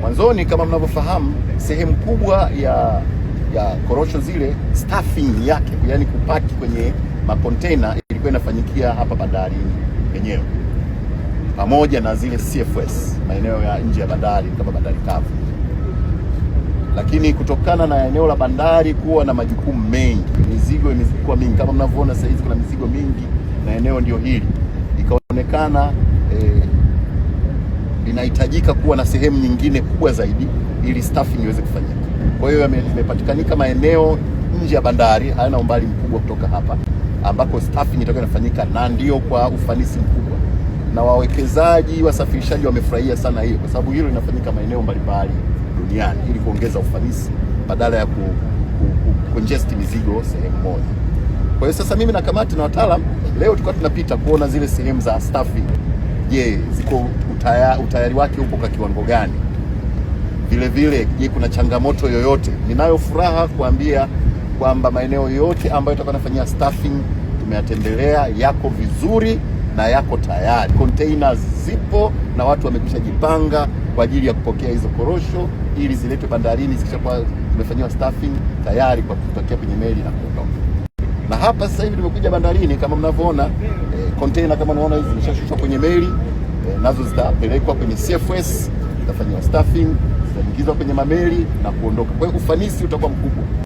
Mwanzoni kama mnavyofahamu, sehemu kubwa ya ya korosho zile staffing yake, yani kupaki kwenye makontena ilikuwa inafanyikia hapa bandari yenyewe, pamoja na zile CFS maeneo ya nje ya bandari kama bandari kavu. Lakini kutokana na eneo la bandari kuwa na majukumu mengi, mizigo imekuwa mingi, kama mnavyoona sasa hizi kuna mizigo mingi, na eneo ndio hili ikaonekana eh, linahitajika kuwa na sehemu nyingine kubwa zaidi ili staffing iweze kufanyika. Kwa hiyo imepatikanika maeneo nje ya bandari, hayana umbali mkubwa kutoka hapa, ambako staffing itakuwa inafanyika na ndio kwa ufanisi mkubwa, na wawekezaji, wasafirishaji wamefurahia sana hiyo, kwa sababu hilo linafanyika maeneo mbalimbali duniani ili kuongeza ufanisi badala ya ku, ku, ku congest mizigo sehemu moja. Kwa hiyo sasa mimi na kamati na wataalam leo tulikuwa tunapita kuona zile sehemu za staffing je, ziko utayari, utayari wake upo kwa kiwango gani? Vile vile, je, kuna changamoto yoyote? Ninayo furaha kuambia kwamba maeneo yote ambayo tutakuwa nafanyia staffing tumeyatembelea, yako vizuri na yako tayari, containers zipo na watu wamekwisha jipanga kwa ajili ya kupokea hizo korosho ili ziletwe bandarini zikishakuwa zimefanyiwa staffing tayari kwa kutokea kwenye meli na kuondoka. Na hapa sasa hivi tumekuja bandarini kama mnavyoona kontena kama unaona hizi zimeshashushwa kwenye meli e, nazo zitapelekwa kwenye CFS zitafanyiwa staffing zitaingizwa kwenye mameli na kuondoka. Kwa hiyo ufanisi utakuwa mkubwa.